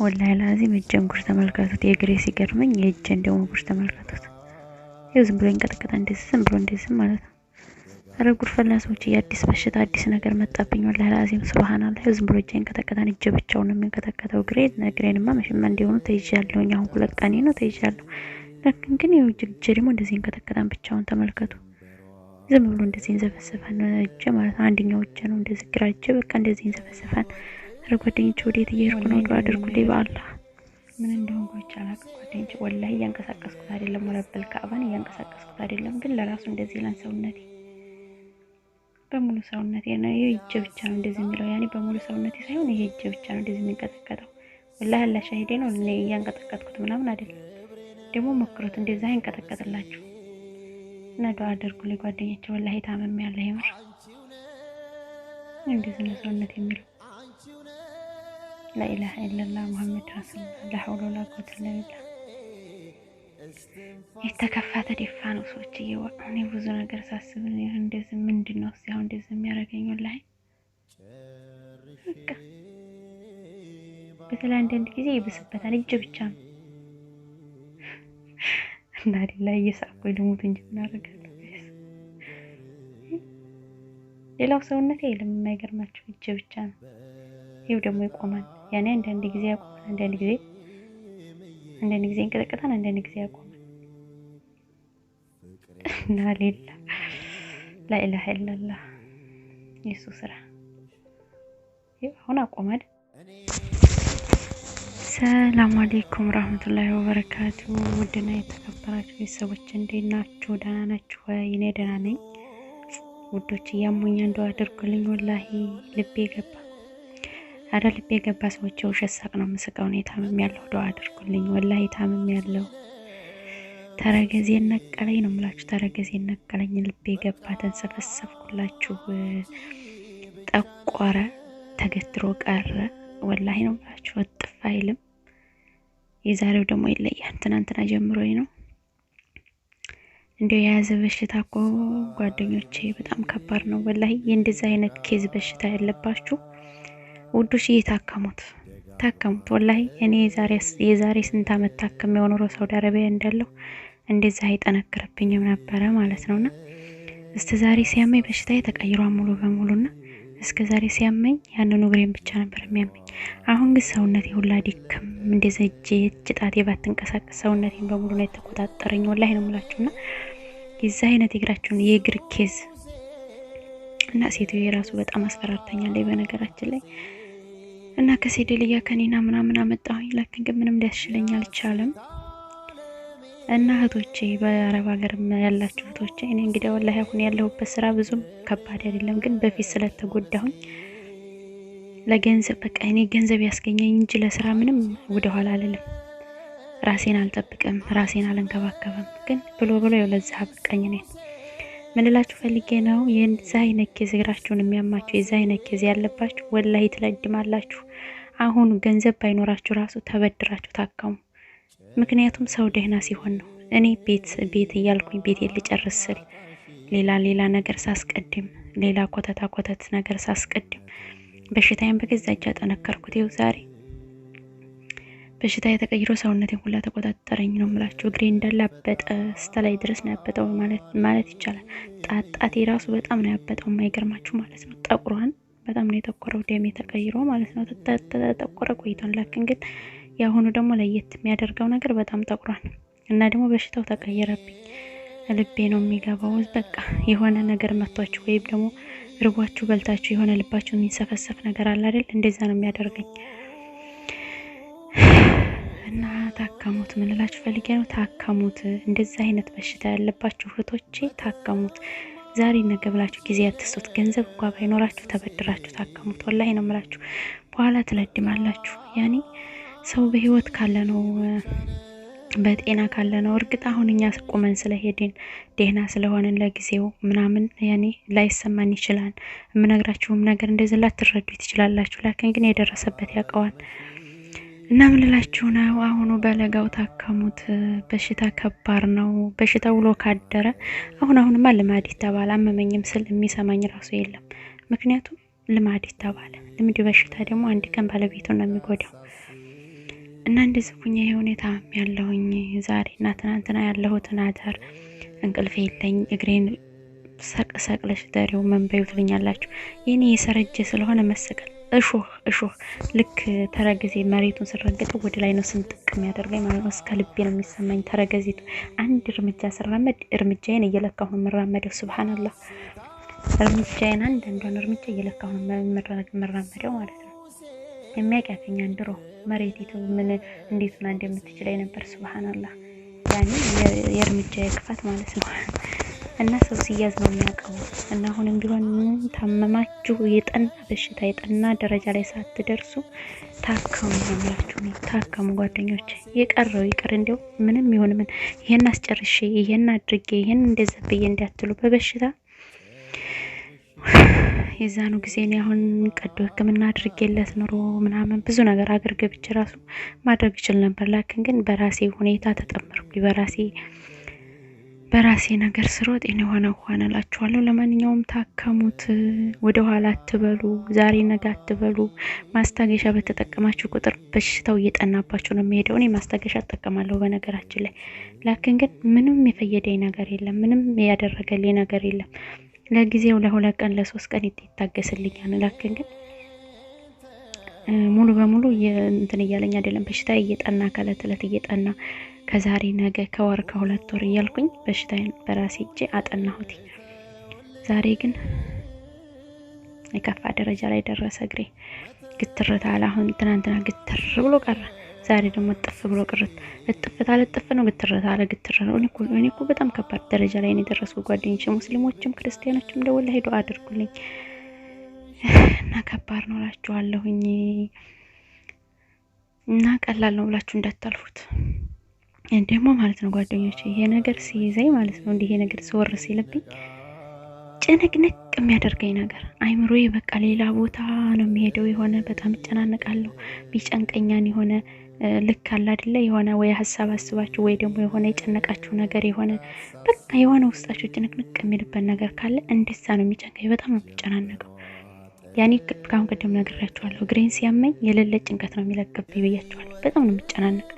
ወላሂ ላዚም እጄን ጉድ ተመልከቱት። የእግሬ ሲገርመኝ የእጄን ደግሞ ጉድ ተመልከቱት። ይኸው ዝም ብሎ ይንቀጠቀጣ እንደዚህ ዝም ብሎ እንደዚህ ዝም ማለት ነው። አረ ጉድ ፈላ ሰዎች፣ የአዲስ በሽታ አዲስ ነገር መጣብኝ። ወላሂ ላዚም ስብሃናላ። ይኸው ዝም ብሎ እጄ ይንቀጠቀጣን። እጄ ብቻውን ነው የሚንቀጠቀጠው። እግሬ እግሬንማ መሽማ እንዲሆኑ ተይዣለሁኝ። አሁን ሁለት ቀኔ ነው ተይዣለሁ። ለክን ግን ይኸው እጄ ደግሞ እንደዚህ ይንቀጠቀጣን። ብቻውን ተመልከቱ። ዝም ብሎ እንደዚህ እንዘፈስፋን እጄ ማለት ነው። አንደኛው እጄ ነው እንደዚህ ግራ እጄ በቃ እንደዚህ እንዘፈስፋን ጓደኞች ወዴት እየሄድኩ ነው? ዱዓ አድርጉልኝ በአላ ምን እንደሆን ጎች ጓደኞች ወላሂ እያንቀሳቀስኩት አይደለም፣ ወረበል ከአባን እያንቀሳቀስኩት አይደለም። ግን ለራሱ እንደዚህ ይላል ሰውነቴ በሙሉ ሰውነቴ ነው። ይሄ ብቻ ነው እንደዚህ የሚለው ያኔ በሙሉ ሰውነቴ ሳይሆን ይሄ እጄ ብቻ ነው እንደዚህ የሚንቀጠቀጠው። ወላሂ አላ ሻሂዴ ነው። እኔ እያንቀጠቀጥኩት ምናምን አይደለም። ደግሞ ሞክሩት፣ እንደዛ አይንቀጠቀጥላችሁ እና ዱዓ አድርጉልኝ ጓደኞቼ። ወላሂ ታመም ያለ ይምር እንደዚህ ነው ሰውነት የሚለው ላኢላሃ ኢለላህ ሙሐመድ ረሱሉላህ ላሐውለ ወላ ቁወተ ኢላ ቢላህ። የተከፋ ተደፋ ነው ሰዎች እየዋ እኔ ብዙ ነገር ሳስብ እንደዚህ ምንድን ነው እስኪ አሁን እንደዚህ የሚያደርገኝ ላይ በተለይ አንዳንድ ጊዜ ይብስበታል። እጅ ብቻ ነው እና ላይ እየሳቅኩኝ ልሙት እንጂ ምን አደርጋለሁ። ሌላው ሰውነት የለም የማይገርማቸው እጅ ብቻ ነው። ይኸው ደግሞ ይቆማል። ያኔ አንዳንድ ጊዜ ያቆማል፣ አንዳንድ ጊዜ አንዳንድ ጊዜ እንቀጠቀጣል፣ አንዳንድ ጊዜ ያቆማል። እና ሌላ ላኢላሀ ኢለላህ የሱ ስራ አሁን አቆማል። ሰላም አሌይኩም ረህመቱላሂ ወበረካቱ። ውድና የተከበራችሁ ቤተሰቦች እንዴት ናችሁ? ደህና ናችሁ? እኔ ደህና ነኝ ውዶች። እያሞኛ እንደው አድርጉልኝ፣ ወላሂ ልቤ ገባ አረ ልቤ የገባ ሰዎች ውሸት ሳቅ ነው የምስቀው። እኔ ታምም ያለሁ ዱዓ አድርጉልኝ። ወላሂ ታምም ያለሁ ተረገዜ ነቀለኝ ነው ምላችሁ። ተረገዜ ነቀለኝ። ልቤ የገባ ተንሰፈሰፍኩላችሁ። ጠቆረ ተገትሮ ቀረ። ወላሂ ነው ምላችሁ። ወጥፍ አይልም። የዛሬው ደግሞ ይለያል። ትናንትና ጀምሮ ነው እንዲያው የያዘ በሽታ እኮ ጓደኞቼ በጣም ከባድ ነው ወላሂ። የእንደዚህ አይነት ኬዝ በሽታ ያለባችሁ ውዶች እየታከሙት ታከሙት። ወላሂ እኔ የዛሬ ስንት አመት ታክም የኖሮ ሳውዲ አረቢያ እንዳለው እንደዛ አይጠነክርብኝም ነበረ ማለት ነውና እስከ ዛሬ ሲያመኝ በሽታ ተቀይሯል ሙሉ በሙሉና እስከ ዛሬ ሲያመኝ ያንን እግሬን ብቻ ነበር የሚያመኝ። አሁን ግን ሰውነቴ ሁላ ዲክም እንደዛ እጅ ጭጣቴ ባትንቀሳቀስ ሰውነቴን በሙሉ ነው የተቆጣጠረኝ። ወላሂ ነው የምላችሁና የዛ አይነት የእግራችሁን የእግር ኬዝ እና ሴትዮ የራሱ በጣም አስፈራርተኛለች በነገራችን ላይ እና ከሴደልያ ከኔና ምናምን አመጣሁኝ። ላክን ግን ምንም ሊያስችለኝ አልቻለም። እና እህቶቼ፣ በአረብ ሀገር ያላችሁ እህቶቼ፣ እኔ እንግዲህ ወላሂ አሁን ያለሁበት ስራ ብዙም ከባድ አይደለም፣ ግን በፊት ስለተጎዳሁኝ ለገንዘብ በቃ እኔ ገንዘብ ያስገኘኝ እንጂ ለስራ ምንም ወደኋላ አልልም። ራሴን አልጠብቅም፣ ራሴን አልንከባከብም። ግን ብሎ ብሎ የለዛ በቃኝ እኔን ምንላችሁ ፈልጌ ነው የዛ አይነት ኬዝ እግራችሁን የሚያማችሁ የዛ አይነት ኬዝ ያለባችሁ ወላሂ ትለድማላችሁ። አሁን ገንዘብ ባይኖራችሁ ራሱ ተበድራችሁ ታከሙ። ምክንያቱም ሰው ደህና ሲሆን ነው። እኔ ቤት ቤት እያልኩኝ ቤት ልጨርስ ስል ሌላ ሌላ ነገር ሳስቀድም፣ ሌላ ኮተታ ኮተት ነገር ሳስቀድም በሽታዬን በገዛ እጄ አጠነከርኩት። ይኸው ዛሬ በሽታ የተቀይሮ ሰውነቴን ሁላ ተቆጣጠረኝ ነው የምላቸው። እግሬ እንዳለ አበጠ፣ እስተ ላይ ድረስ ነው ያበጠው ማለት ይቻላል። ጣጣቴ ራሱ በጣም ነው ያበጠው፣ የማይገርማችሁ ማለት ነው። ጠቁሯን በጣም ነው የተኮረው፣ ደም የተቀይሮ ማለት ነው። ተጠቆረ ቆይቷን ላክን፣ ግን የአሁኑ ደግሞ ለየት የሚያደርገው ነገር በጣም ጠቁሯን እና ደግሞ በሽታው ተቀየረብኝ። ልቤ ነው የሚገባው። በቃ የሆነ ነገር መቷችሁ ወይም ደግሞ ርቧችሁ በልታችሁ የሆነ ልባችሁ የሚንሰፈሰፍ ነገር አለ አይደል? እንደዛ ነው የሚያደርገኝ። ታካሙት። ምንላች ፈልጌ ነው ታካሙት። እንደዚህ አይነት በሽታ ያለባችሁ እህቶቼ ታካሙት። ዛሬ ነገ ብላችሁ ጊዜ ያትሱት። ገንዘብ እንኳ ባይኖራችሁ ተበድራችሁ ታከሙት። ወላሂ ነው የምላችሁ። በኋላ ትለድማላችሁ። ያኔ ሰው በህይወት ካለ ነው በጤና ካለ ነው። እርግጥ አሁን እኛ ቁመን ስለሄድን ደህና ስለሆንን ለጊዜው ምናምን ያኔ ላይሰማን ይችላል። የምነግራችሁም ነገር እንደዚህ ላትረዱ ትችላላችሁ። ላኪን ግን የደረሰበት ያውቀዋል። እና ምን ልላችሁ ነው፣ አሁኑ በለጋው ታከሙት። በሽታ ከባድ ነው። በሽታ ውሎ ካደረ አሁን አሁንማ ልማድ ይተባል። አመመኝም ስል የሚሰማኝ ራሱ የለም። ምክንያቱም ልማድ ይተባለ ልምድ፣ በሽታ ደግሞ አንድ ቀን ባለቤቱን ነው የሚጎዳው። እና እንደዚህ ሁኜ የሁኔታ ያለሁኝ ዛሬ እና ትናንትና ያለሁትን አዳር እንቅልፍ የለኝ እግሬን ሰቅሰቅለሽ ደሬው መንበዩ ትልኛላችሁ። ይህኔ የሰረጀ ስለሆነ መሰቀል እሾህ እሾህ ልክ ተረገዜ መሬቱን ስረገጠው ወደ ላይ ነው ስንጥቅ የሚያደርገኝ ማለት ነው። እስከ ልቤ ነው የሚሰማኝ ተረገዜቱ። አንድ እርምጃ ስራመድ እርምጃዬን እየለካሁ ነው የምራመደው። ስብሓንላህ እርምጃዬን አንድ አንዷን እርምጃ እየለካሁ ነው የምራመደው ማለት ነው። የሚያቅያተኛ ድሮ መሬቲቱ ምን እንዴት ሆና እንደምትችለኝ ነበር። ስብሓንላህ ያኔ የእርምጃ ክፋት ማለት ነው። እና ሰው ሲያዝ ነው የሚያውቀው። እና አሁንም ቢሆን ምንም ታመማችሁ የጠና በሽታ የጠና ደረጃ ላይ ሳትደርሱ ታከሙ የምላችሁ ነው። ታከሙ ጓደኞች፣ የቀረው ይቅር እንዲው ምንም ይሁን ምን ይሄን አስጨርሼ ይሄን አድርጌ ይሄን እንደዛ ብዬ እንዳትሉ በበሽታ የዛኑ ጊዜ እኔ አሁን ቀዶ ሕክምና አድርጌለት ኑሮ ምናምን ብዙ ነገር አገር ገብቼ ራሱ ማድረግ ይችል ነበር። ላክን ግን በራሴ ሁኔታ ተጠመርኩ በራሴ በራሴ ነገር ስሮጥ የሆነ ሆነ ሆነ እላችኋለሁ። ለማንኛውም ታከሙት፣ ወደኋላ አትበሉ፣ ዛሬ ነገ አትበሉ። ማስታገሻ በተጠቀማችሁ ቁጥር በሽታው እየጠናባችሁ ነው የሚሄደው። እኔ ማስታገሻ እጠቀማለሁ በነገራችን ላይ ላክን፣ ግን ምንም የፈየደኝ ነገር የለም፣ ምንም ያደረገልኝ ነገር የለም። ለጊዜው ለሁለት ቀን ለሶስት ቀን ይታገስልኛል። ላክን ግን ሙሉ በሙሉ እንትን እያለኝ አይደለም። በሽታ እየጠና ከእለት እለት እየጠና ከዛሬ ነገ ከወር ከሁለት ወር እያልኩኝ በሽታዬን በራሴ እጄ አጠናሁት። ዛሬ ግን የከፋ ደረጃ ላይ ደረሰ። እግሬ ግትርታ አሁን ትናንትና ግትር ብሎ ቀረ። ዛሬ ደግሞ እጥፍ ብሎ ቅርት እጥፍት አለ እጥፍ ነው ግትርት ግትር ነው። እኔ እኮ በጣም ከባድ ደረጃ ላይ ነው የደረሱ ጓደኞች፣ ሙስሊሞችም ክርስቲያኖችም ደወላ ሄዶ አድርጉልኝ እና ከባድ ነው እላችኋለሁኝ እና ቀላል ነው ብላችሁ እንዳታልፉት። ደግሞ ማለት ነው ጓደኞች፣ ይሄ ነገር ሲይዘኝ ማለት ነው እንዲህ ነገር ሲወር ሲልብኝ ጭንቅንቅ የሚያደርገኝ ነገር አይምሮዬ በቃ ሌላ ቦታ ነው የሚሄደው። የሆነ በጣም እጨናነቃለሁ። ቢጨንቀኛን የሆነ ልክ አለ አይደለ? የሆነ ወይ ሀሳብ አስባችሁ ወይ ደግሞ የሆነ የጨነቃችሁ ነገር የሆነ በቃ የሆነ ውስጣችሁ ጭንቅንቅ የሚልበት ነገር ካለ እንደዛ ነው የሚጨንቀኝ። በጣም ነው የሚጨናነቀው። ያኔ ከአሁን ቀደም ነግሬያችኋለሁ፣ ግሬን ሲያመኝ የሌለ ጭንቀት ነው የሚለቅብ ብያችኋለሁ። በጣም ነው የሚጨናነቅ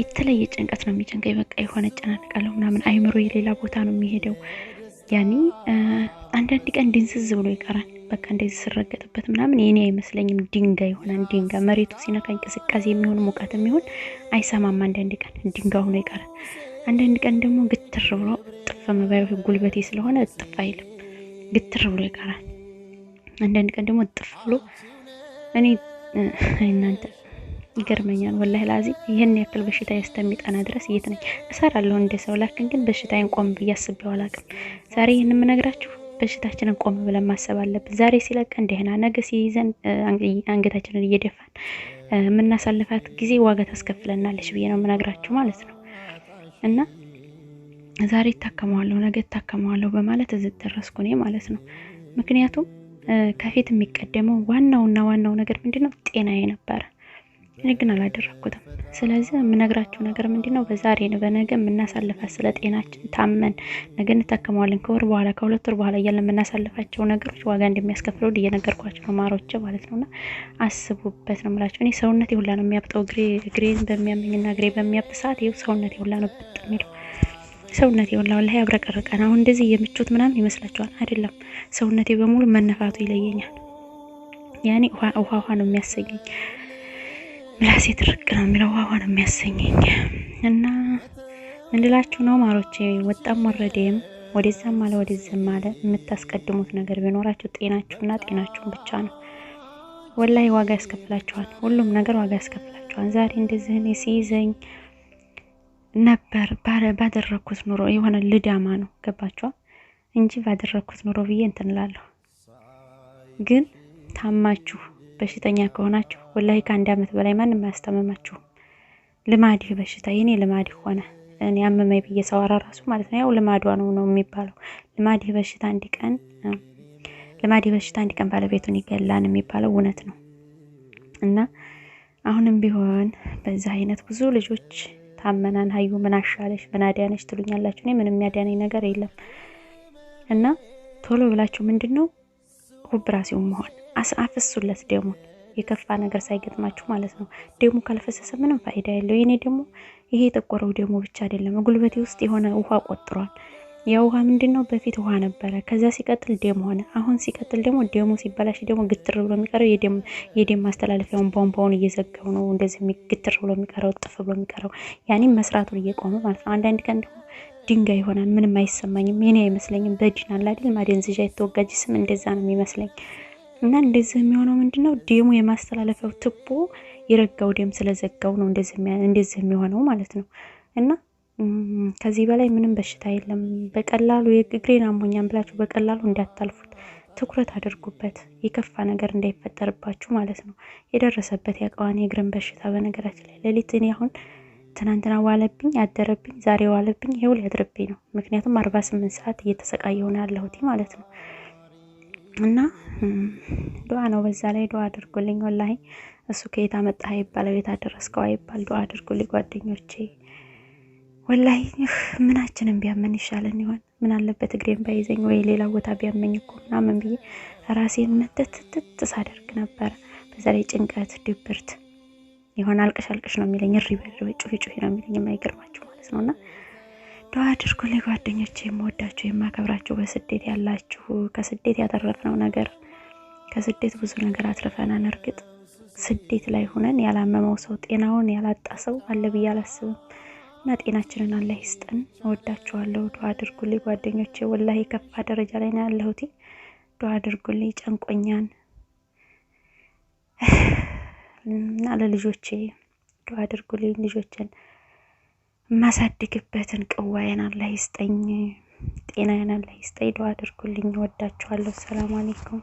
የተለየ ጭንቀት ነው የሚጨንቀኝ። በቃ የሆነ ጨናንቃለሁ ምናምን አይምሮ የሌላ ቦታ ነው የሚሄደው። ያኔ አንዳንድ ቀን ድንስዝ ብሎ ይቀራል። በቃ እንደዚህ ስረገጥበት ምናምን የኔ አይመስለኝም፣ ድንጋ ይሆናል። ድንጋ መሬቱ ሲነካ እንቅስቃሴ የሚሆን ሙቀት የሚሆን አይሰማም። አንዳንድ ቀን ድንጋ ሆኖ ይቀራል። አንዳንድ ቀን ደግሞ ግትር ብሎ ጥፍ መባይ ጉልበቴ ስለሆነ እጥፍ አይልም፣ ግትር ብሎ ይቀራል። አንዳንድ ቀን ደግሞ እጥፍ ብሎ እኔ እናንተ ይገርመኛል ወላሂ ላዚ ይህን ያክል በሽታ እስከሚጠና ድረስ የት ነኝ እሰራለሁ እንደ ሰው ላክን ግን በሽታዬን ቆም ብዬ አስቤው ዛሬ ይህን የምነግራችሁ በሽታችንን ቆም ብለን ማሰብ አለብን። ዛሬ ሲለቀን ደህና፣ ነገ ሲይዘን አንገታችንን እየደፋን የምናሳልፋት ጊዜ ዋጋ ታስከፍለናለች ብዬ ነው የምነግራችሁ ማለት ነው እና ዛሬ ይታከመዋለሁ፣ ነገ ይታከመዋለሁ በማለት እዚህ ደረስኩ እኔ ማለት ነው ምክንያቱም ከፊት የሚቀደመው ዋናውና ዋናው ነገር ምንድነው ጤና ጤናዬ ነበረ። እኔ ግን አላደረኩትም። ስለዚህ የምነግራችሁ ነገር ምንድ ነው? በዛሬ ነው በነገ የምናሳልፋት ስለ ጤናችን ታመን ነገ እንታከመዋለን ከወር በኋላ ከሁለት ወር በኋላ እያለን የምናሳልፋቸው ነገሮች ዋጋ እንደሚያስከፍለው እየነገርኳቸው ነው ማሮቼ ማለት ነውና አስቡበት ነው የምላቸው። እኔ ሰውነት ሁላ ነው የሚያብጠው። እግሬን በሚያመኝና እግሬ በሚያብ ሰዓት ይኸው ሰውነቴ ሁላ ነው ብጥ የሚለው ሰውነት ሁላ ወላሂ ያብረቀረቀን። አሁን እንደዚህ የምቾት ምናምን ይመስላችኋል? አይደለም። ሰውነቴ በሙሉ መነፋቱ ይለየኛል። ያኔ ውሃ ውሃ ነው የሚያሰኘኝ ለሴት ርቅ ነው የሚለው አሁን ነው የሚያሰኘኝ። እና እንድላችሁ ነው ማሮቼ፣ ወጣም ወረዴም ወደዛም አለ ወደዚህም አለ የምታስቀድሙት ነገር ቢኖራችሁ ጤናችሁና ጤናችሁን ብቻ ነው። ወላይ ዋጋ ያስከፍላችኋል። ሁሉም ነገር ዋጋ ያስከፍላችኋል። ዛሬ እንደዚህን ሲይዘኝ ነበር ባደረግኩት ኑሮ የሆነ ልዳማ ነው ገባችኋል? እንጂ ባደረግኩት ኑሮ ብዬ እንትንላለሁ። ግን ታማችሁ በሽተኛ ከሆናችሁ ወላሂ ከአንድ አመት በላይ ማንም አያስታመማችሁም። ልማድ ይህ በሽታ የኔ ልማድ ሆነ። እኔ አመመኝ ብዬ ሳወራ ራሱ ማለት ነው ያው ልማዷ ነው ነው የሚባለው። ልማድ ይህ በሽታ አንድ ቀን ልማድ ይህ በሽታ አንድ ቀን ባለቤቱን ይገላን የሚባለው እውነት ነው እና አሁንም ቢሆን በዚህ አይነት ብዙ ልጆች ታመናን። ሀዩ ምን አሻለሽ ምን አዳነሽ ትሉኛላችሁ። እኔ ምንም ያዳነኝ ነገር የለም እና ቶሎ ብላችሁ ምንድን ነው ሁብ ሲሆን መሆን አፍሱለት ደሙን። የከፋ ነገር ሳይገጥማችሁ ማለት ነው። ደሙ ካልፈሰሰ ምንም ፋይዳ የለው። የኔ ደግሞ ይሄ የጠቆረው ደሞ ብቻ አይደለም። ጉልበቴ ውስጥ የሆነ ውሃ ቆጥሯል። ያ ውሃ ምንድን ነው? በፊት ውሃ ነበረ፣ ከዛ ሲቀጥል ደም ሆነ። አሁን ሲቀጥል ደግሞ ደሙ ሲበላሽ ደግሞ ግትር ብሎ የሚቀረው የደም ማስተላለፊያውን ቧንቧውን እየዘጋው ነው እንደዚህ ግትር ብሎ የሚቀረው ጥፍ ብሎ የሚቀረው ያኔ መስራቱን እየቆመ ማለት ነው። አንዳንድ ቀን ደግሞ ድንጋይ ይሆናል። ምንም አይሰማኝም፣ የኔ አይመስለኝም። በድን አለ አይደል? ማደንዘዣ የተወጋጅ ስም እንደዛ ነው የሚመስለኝ። እና እንደዚህ የሚሆነው ምንድን ነው ደሙ የማስተላለፊያው ትቦ የረጋው ደም ስለዘጋው ነው እንደዚህ የሚሆነው ማለት ነው። እና ከዚህ በላይ ምንም በሽታ የለም። በቀላሉ የግሬን አሞኛን ብላችሁ በቀላሉ እንዳታልፉት፣ ትኩረት አድርጉበት፣ የከፋ ነገር እንዳይፈጠርባችሁ ማለት ነው። የደረሰበት ያውቀዋን የእግርን በሽታ በነገራችን ላይ ሌሊት እኔ አሁን ትናንትና ዋለብኝ አደረብኝ፣ ዛሬ ዋለብኝ፣ ይኸው ሊያድርብኝ ነው። ምክንያቱም አርባ ስምንት ሰዓት እየተሰቃየሁ ነው ያለሁት ማለት ነው። እና ዱዓ ነው። በዛ ላይ ዱዓ አድርጉልኝ። ወላሂ እሱ ከየት አመጣህ አይባል፣ ቤት አደረስከው አይባል። ዱዓ አድርጉልኝ ጓደኞቼ። ወላሂ ምናችንም ቢያመን ይሻለን ይሆን? ምን አለበት እግሬን ባይዘኝ ወይ ሌላ ቦታ ቢያመኝ እኮ ምናምን ብዬ ራሴን መተትትት ሳደርግ ነበረ። በዛ ላይ ጭንቀት፣ ድብርት ይሆን አልቅሽ አልቅሽ ነው የሚለኝ፣ እሪ በሪ ጩሂ ጩሂ ነው የሚለኝ። የማይገርማችሁ ማለት ነውና ዱዓ አድርጉልኝ ጓደኞች የምወዳቸው የማከብራቸው። በስደት ያላችሁ ከስደት ያተረፍነው ነገር ከስደት ብዙ ነገር አትርፈናን። እርግጥ ስደት ላይ ሆነን ያላመመው ሰው ጤናውን ያላጣ ሰው አለ ብዬ አላስብም። እና ጤናችንን አላህ ይስጠን። እወዳችኋለሁ። ዱዓ አድርጉልኝ ጓደኞቼ። ወላሂ የከፋ ደረጃ ላይ ነው ያለሁት። ዱዓ አድርጉልኝ። ጨንቆኛን እና ለልጆቼ ዱዓ አድርጉልኝ ልጆችን የማሳድግበትን ቅዋዬን አላህ ይስጠኝ፣ ጤናዬን አላህ ይስጠኝ። ዱአ አድርጉልኝ። ወዳችኋለሁ። ሰላም አለይኩም